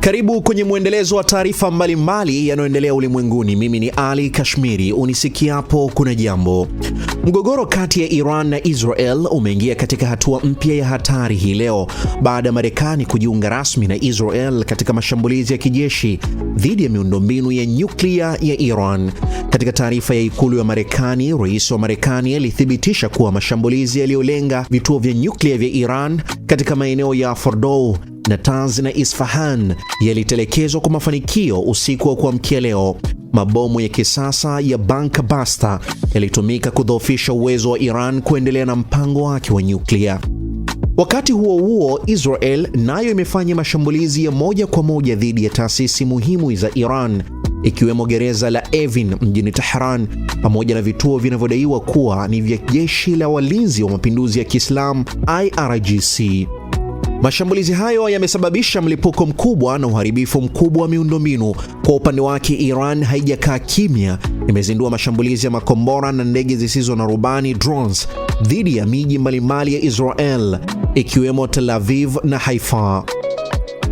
Karibu kwenye mwendelezo wa taarifa mbalimbali yanayoendelea ulimwenguni. Mimi ni Ali Kashmiri. Unisikiapo kuna jambo. Mgogoro kati ya Iran na Israel umeingia katika hatua mpya ya hatari hii leo baada ya Marekani kujiunga rasmi na Israel katika mashambulizi ya kijeshi dhidi ya miundombinu ya nyuklia ya Iran. Katika taarifa ya ikulu ya Marekani, rais wa Marekani alithibitisha kuwa mashambulizi yaliyolenga vituo vya nyuklia vya Iran katika maeneo ya Fordow Natanz na Isfahan yalitelekezwa kwa mafanikio usiku wa kuamkia leo. Mabomu ya kisasa ya Banka Basta yalitumika kudhoofisha uwezo wa Iran kuendelea na mpango wake wa nyuklia. Wakati huo huo, Israel nayo imefanya mashambulizi ya moja kwa moja dhidi ya taasisi muhimu za Iran ikiwemo gereza la Evin mjini Tehran pamoja na vituo vinavyodaiwa kuwa ni vya jeshi la walinzi wa mapinduzi ya Kiislamu IRGC. Mashambulizi hayo yamesababisha mlipuko mkubwa na uharibifu mkubwa wa miundombinu. Kwa upande wake, Iran haijakaa kimya, imezindua mashambulizi ya makombora na ndege zisizo na rubani drones dhidi ya miji mbalimbali ya Israel ikiwemo Tel Aviv na Haifa.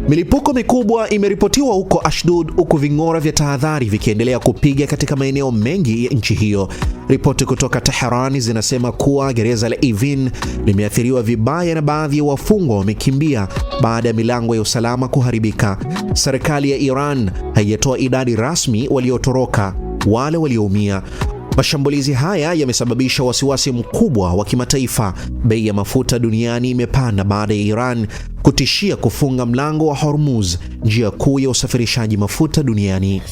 Milipuko mikubwa imeripotiwa huko Ashdod, huku ving'ora vya tahadhari vikiendelea kupiga katika maeneo mengi ya nchi hiyo. Ripoti kutoka Teherani zinasema kuwa gereza la Evin limeathiriwa vibaya na baadhi ya wafungwa wamekimbia baada ya milango ya usalama kuharibika. Serikali ya Iran haijatoa idadi rasmi waliotoroka wale walioumia. Mashambulizi haya yamesababisha wasiwasi mkubwa wa kimataifa. Bei ya mafuta duniani imepanda baada ya Iran kutishia kufunga mlango wa Hormuz, njia kuu ya usafirishaji mafuta duniani.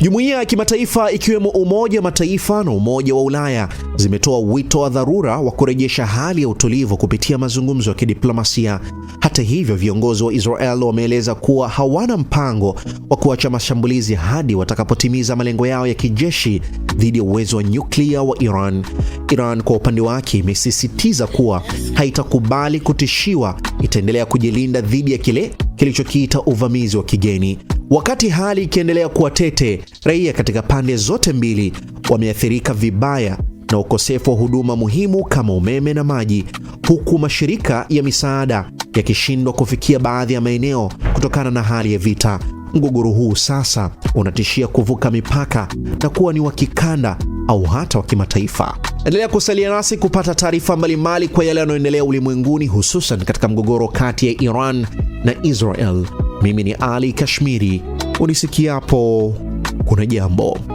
Jumuiya ya kimataifa ikiwemo Umoja wa Mataifa na Umoja wa Ulaya zimetoa wito wa dharura wa kurejesha hali ya utulivu kupitia mazungumzo ya kidiplomasia. Hata hivyo, viongozi wa Israel wameeleza kuwa hawana mpango wa kuacha mashambulizi hadi watakapotimiza malengo yao ya kijeshi dhidi ya uwezo wa nyuklia wa Iran. Iran kwa upande wake imesisitiza kuwa haitakubali kutishiwa itaendelea kujilinda dhidi ya kile kilichokiita uvamizi wa kigeni. Wakati hali ikiendelea kuwa tete, raia katika pande zote mbili wameathirika vibaya na ukosefu wa huduma muhimu kama umeme na maji, huku mashirika ya misaada yakishindwa kufikia baadhi ya maeneo kutokana na hali ya vita. Mgogoro huu sasa unatishia kuvuka mipaka na kuwa ni wa kikanda au hata wa kimataifa. Endelea kusalia nasi kupata taarifa mbalimbali kwa yale yanayoendelea ulimwenguni, hususan katika mgogoro kati ya Iran na Israel. Mimi ni Ali Kashmiri, unisikiapo kuna jambo.